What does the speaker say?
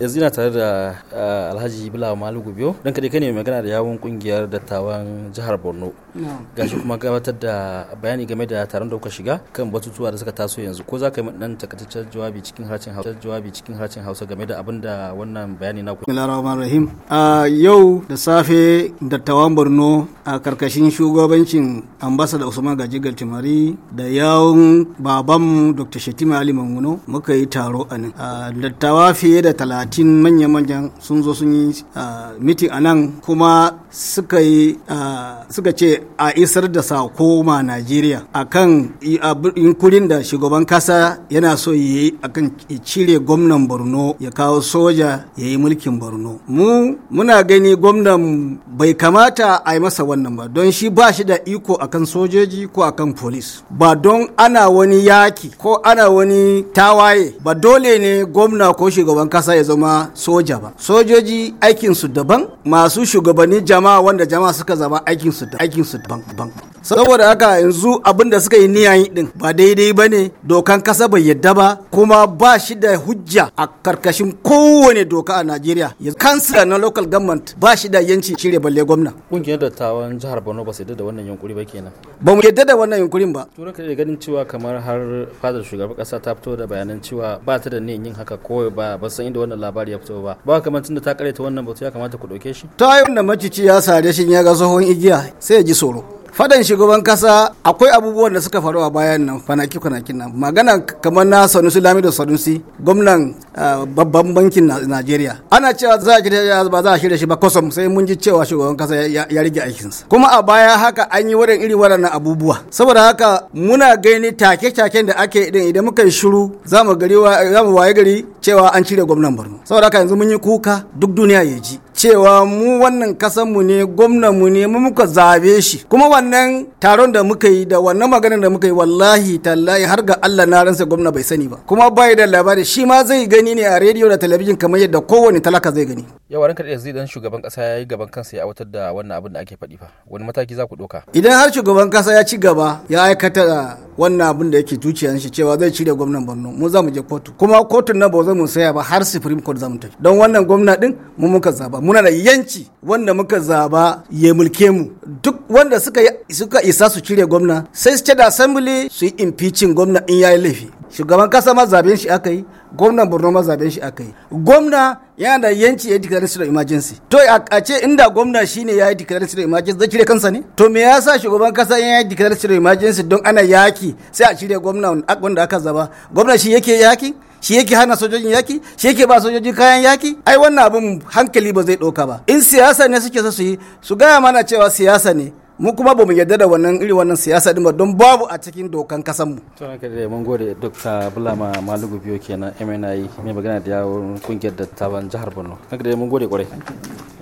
yanzu ina tare da eh, alhaji bilawa malugu gubiyo don kaɗai kai ne magana da yawon ƙungiyar dattawan jihar borno gashi kuma gabatar da bayani game da taron da kuka shiga kan batutuwa da suka taso yanzu ko za ka yi nan takaitaccen jawabi cikin harshen hausa jawabi cikin harshen hausa game da abin da wannan bayani na kuma rahim ah, yau da safe dattawan borno a karkashin shugabancin ambasada usman gaji Galtimari da yawon babanmu dr shetima ali manguno muka yi taro a nan dattawa fiye da talatin manya-manyan sun zo sun yi mitin a nan kuma suka yi ce a isar da sako ma najeriya akan yunkurin da shugaban kasa yana so yi akan cire gwamnan borno ya kawo soja ya yi mulkin borno mu muna gani gwamnan bai kamata a yi masa wannan ba don shi ba shi da iko a akan sojoji ko akan polis ba don ana wani yaki ko ana wani tawaye ba dole ne gwamna ko shugaban kasa ya zama soja ba sojoji aikinsu daban masu shugabanni jama'a wanda jama'a suka zama aikinsu aikinsu daban saboda haka yanzu abin da suka yi niyan din ba daidai ba ne dokan kasa bai yadda ba kuma ba shi da hujja a karkashin kowane doka a najeriya kansila na local government ba shi da yanci shirya balle gwamna kungiyar dattawan jihar borno ba su da wannan yunkuri ba ke kenan ba mu yadda da wannan yunkurin ba tura ka ganin cewa kamar har fadar shugaban kasa ta fito da bayanan cewa ba ta da niyan yin haka ko ba ba san inda wannan labari ya fito ba ba kamar tunda ta karaita wannan batu ya kamata ku dauke shi ta yi wannan macici ya sare shi ya ga tsohon igiya sai ya ji tsoro fadan shugaban kasa akwai abubuwan da suka faru a bayan nan fanaki kwanakin nan magana kamar na sanusi lami da sanusi gwamnan babban bankin najeriya ana cewa za a ba za a shirya shi ba kosom sai mun ji cewa shugaban kasa ya rige aikinsa kuma a baya haka an yi wurin iri waɗannan abubuwa saboda haka muna gani take-taken da ake idan idan muka yi shiru za mu waye gari cewa an cire gwamnan borno saboda haka yanzu mun yi kuka duk duniya ya ji cewa mu wannan kasanmu ne gwamnanmu ne mu muka zabe shi kuma wannan taron da muka yi da wannan maganar da muka yi wallahi tallahi har ga Allah na ransa gwamna bai sani ba kuma bai da labari shi ma zai gani ne a rediyo da talabijin kamar yadda kowane talaka zai gani yawa ranka da zai dan shugaban kasa ya gaban kansa ya aiwatar da wannan abin da ake faɗi fa wani mataki za ku ɗauka idan har shugaban kasa ya ci gaba ya aikata wannan abin da yake zuciyar shi cewa zai cire gwamnan Borno mu za mu je kotu kuma kotun nan ba za mu saya ba har Supreme Court za mu tafi don wannan gwamna din mu muka zaba muna da yanci wanda muka zaba ya mulke mu duk wanda suka suka isa su cire gwamna sai su da assembly su yi impeaching gwamna in yayi laifi shugaban kasa ma zaben shi aka yi gwamnan Borno ma zaben shi aka yi gwamna yana da yanci ya declare state of emergency to a ce inda gwamna shine ya yi declare of emergency zai cire kansa ne to me yasa shugaban kasa ya yi declare of emergency don ana yaki sai a cire gwamna wanda aka zaba gwamna shi yake yaki shi yake hana sojojin yaki shi yake ba sojojin kayan yaki ai wannan abin hankali ba zai ɗauka ba in siyasa ne suke so su yi su gaya mana cewa siyasa ne mu kuma ba mu yarda da wannan iri wannan siyasa din ba don babu a cikin dokan kasan mu Tun ranka da mun gode Dr. Bulama Malugu biyo kenan MNI mai magana da yawon kungiyar dattawan jihar Borno ranka da mun gode kwarai